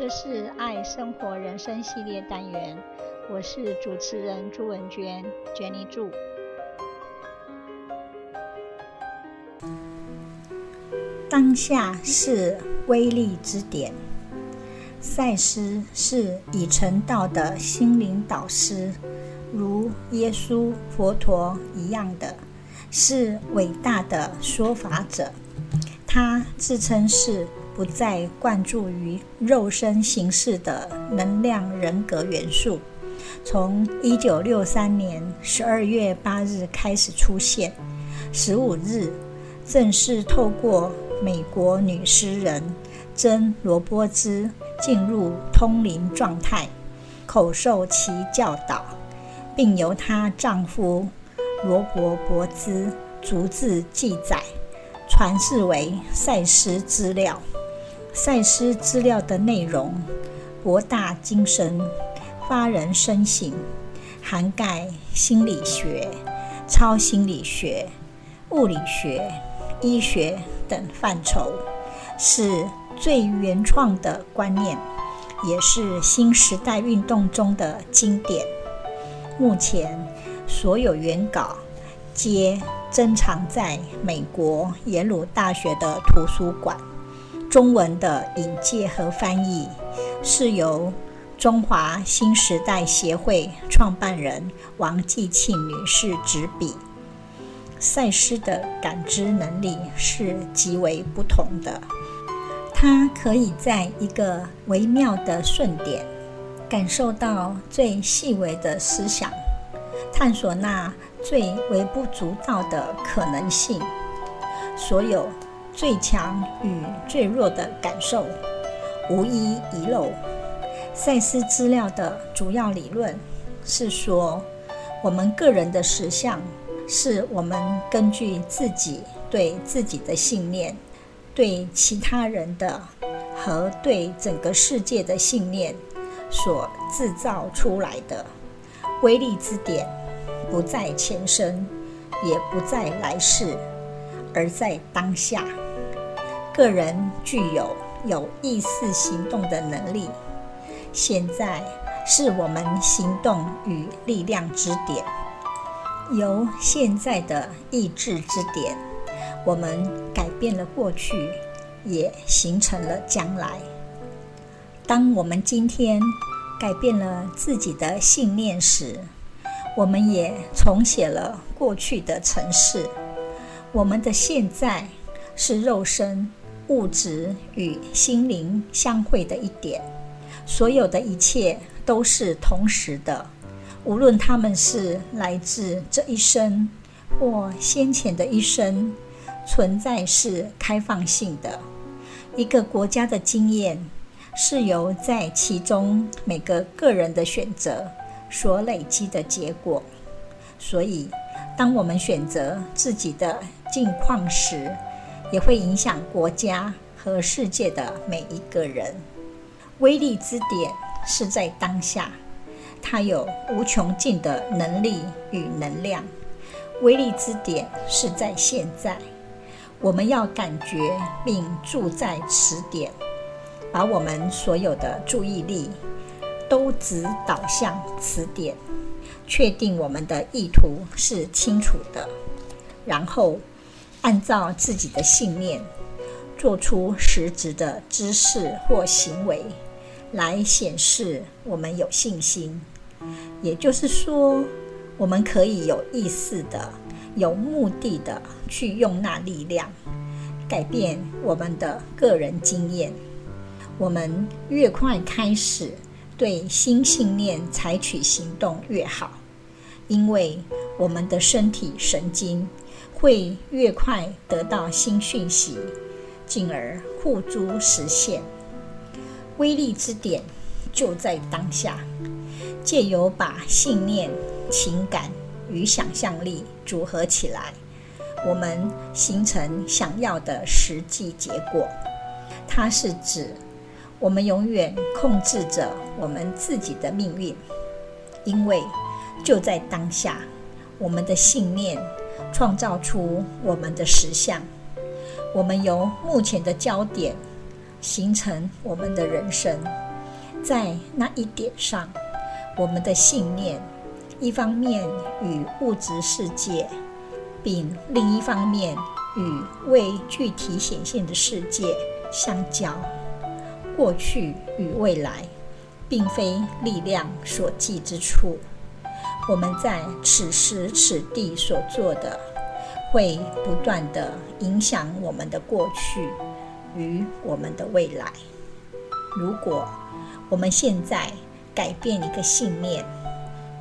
這是愛生活人生系列單元，我是主持人朱文娟。卷尼住當下是威力之點。賽斯是已成道的心靈導師，如耶穌、佛陀一樣的，是偉大的說法者。他自稱是。不再貫注於肉身形式的能量人格元素，從一九六三年十二月八日開始出現，十五日正式透過美國女詩人珍羅勃茲進入通靈狀態，口授其教導，並由她丈夫羅勃柏玆逐字記載，傳世為賽斯資料。賽斯資料的內容博大精深，發人深省，涵蓋心理學、超心理學、物理學、醫學等範疇，是最原創的觀念，也是新時代運動中的經典。目前，所有原稿皆珍藏在美國耶魯大學的圖書館。中文的引介和翻譯，是由中華新時代協會創辦人王季慶女士執筆。賽斯的感知能力是極為不同的，他可以在一個微秒的瞬點，感受到最細微的思想，探索那最微不足道的可能性。所有。最強與最弱的感受，無一遺漏。賽斯資料的主要理論是說，我們個人的實相，是我們根據自己對自己的信念、對其他人的和對整個世界的信念所製造出來的。威力之點不在前生，也不在來世，而在當下。個人具有有意識行動的能力。現在是我們行動與力量之點。由現在的意志之點，我們改變了過去，也形成了將來。當我們今天改變了自己的信念時，我們也重寫了過去的程式。我們的現在是肉身，物質與心靈相會的一點，所有的一切都是同時的，無論他們是來自這一生或先前的一生。存在是開放性的。一個國家的經驗是由在其中每個個人的選擇所累積的結果。所以，當我們選擇自己的境況時，也會影響國家和世界的每一個人。威力之點是在當下，它有無窮盡的能力與能量。威力之點是在現在，我們要感覺並住在此點，把我們所有的注意力都只導向此點，確定我們的意圖是清楚的，然後，按照自己的信念，做出實質的姿勢或行為，來顯示我們有信心。也就是說，我們可以有意識的、有目的的去用那力量，改變我們的個人經驗。我們越快開始對新信念採取行動越好，因為。我們的身體神經會越快得到新訊息，進而付諸實現。威力之點就在當下，借由把信念、情感與想象力組合起來，我們形成想要的實際結果。它是指我們永遠控制着我們自己的命運，因為就在當下。我們的信念創造出我們的實相。我們由目前的焦點，形成我們的人生。在那一點上，我們的信念一方面與物質世界，並另一方面與未具體顯現的世界相交。過去與未來，並非力量所寄之處。我們在此時此地所做的，會不斷地影響我們的過去與我們的未來。如果我們現在改變一個信念，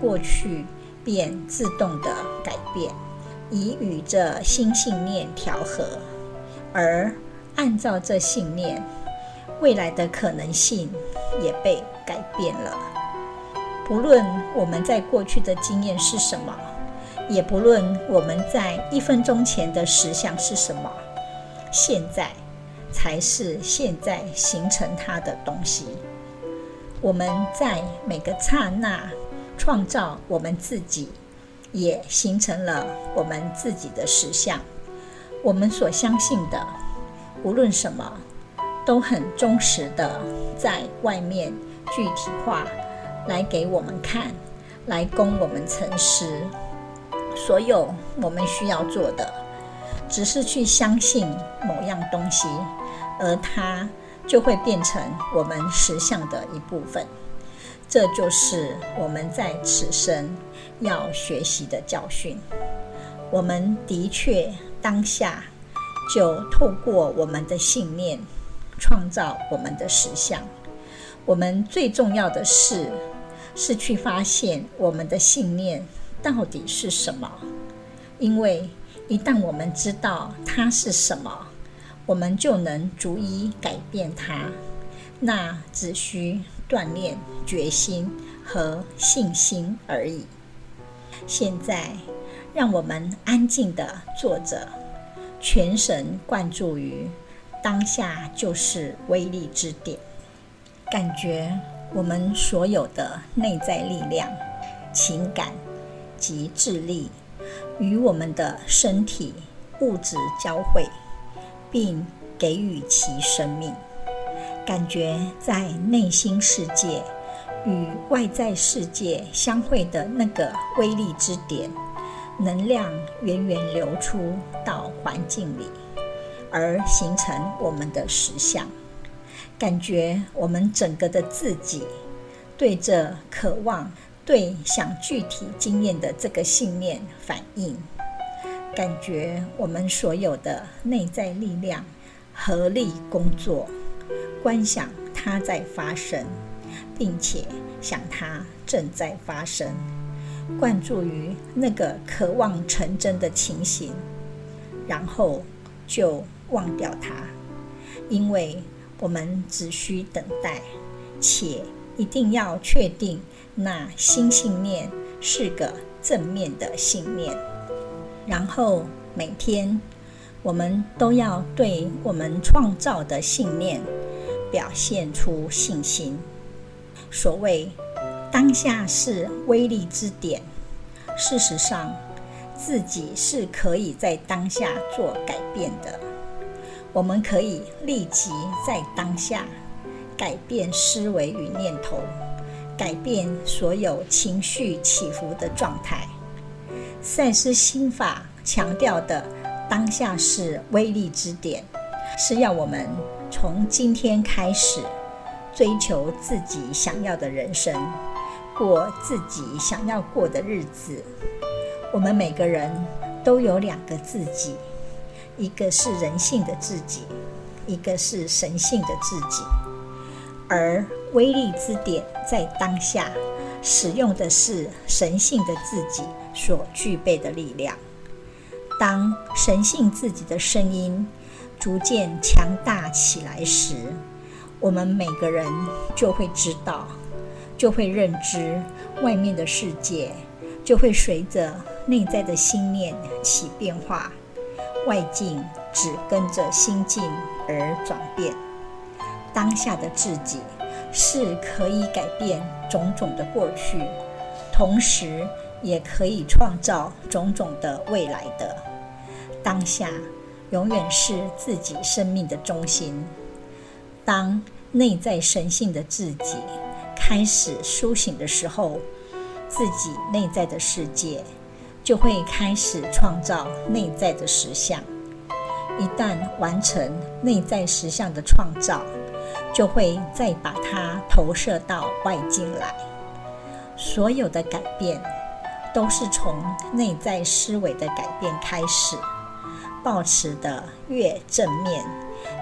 過去便自動地改變，以與這新信念調和，而按照這信念，未來的可能性也被改變了。不論我們在過去的經驗是什麼，也不論我們在一分鐘前的實相是什麼，現在才是現在形成它的東西。我們在每個剎那創造我們自己，也形成了我們自己的實相。我們所相信的，無論什麼，都很忠實地在外面具體化。來給我們看，來供我們沉思。所有我們需要做的，只是去相信某樣東西，而它就會變成我們實相的一部分。這就是我們在此生要學習的教訓。我們的確當下就透過我們的信念，創造我們的實相。我們最重要的是。是去發現我們的信念到底是什麼，因為一旦我們知道它是什麼，我們就能逐一改變它。那只需鍛鍊、決心和信心而已。現在，讓我們安靜地坐着，全神貫注於當下，就是威力之點，感覺。我們所有的內在力量、情感及智力，與我們的身體物質交匯，並給予其生命。感覺在內心世界與外在世界相會的那個威力之點，能量源源流出到環境裡，而形成我們的實相。感覺我們整個的自己對這渴望，對想具體經驗的這個信念反應，感覺我們所有的內在力量合力工作，觀想它在發生，並且想它正在發生，貫注於那個渴望成真的情形，然後就忘掉它，因為。我們只需等待，且一定要確定那新信念是個正面的信念。然後每天，我們都要對我們創造的信念表現出信心。所謂當下是威力之點，事實上，自己是可以在當下做改變的。我們可以立即在當下改變思維與念頭，改變所有情緒起伏的狀態。賽斯心法強調的當下是威力之點，是要我們從今天開始追求自己想要的人生，過自己想要過的日子。我們每個人都有兩個自己。一個是人性的自己，一個是神性的自己，而威力之點在當下，使用的是神性的自己所具備的力量。當神性自己的聲音逐漸強大起來時，我們每個人就會知道，就會認知外面的世界，就會隨着內在的心念起變化。外境只跟着心境而轉變，當下的自己是可以改變種種的過去，同時也可以創造種種的未來的。當下永遠是自己生命的中心。當內在神性的自己開始甦醒的時候，自己內在的世界。就會開始創造內在的實相。一旦完成內在實相的創造，就會再把它投射到外境來。所有的改變都是從內在思維的改變開始。抱持的越正面、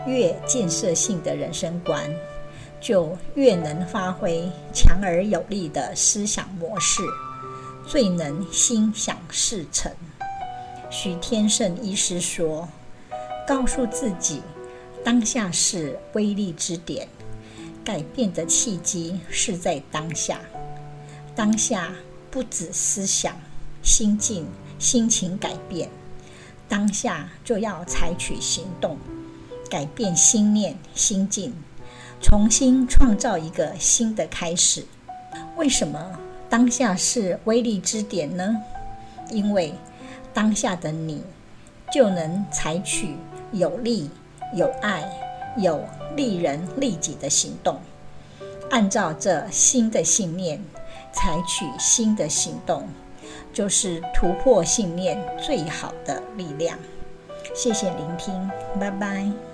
越建設性的人生觀，就越能發揮強而有力的思想模式。最能心想事成。許添盛醫師說：“告訴自己，當下是威力之點，改變的契機是在當下。當下不只思想、心境、心情改變，當下就要採取行動，改變心念、心境，重新創造一個新的開始。為什麼？”當下是威力之點呢？因為當下的你就能採取有力、有愛、有利人利己的行動。按照這新的信念，採取新的行動，就是突破信念最好的力量。謝謝聆聽，拜拜。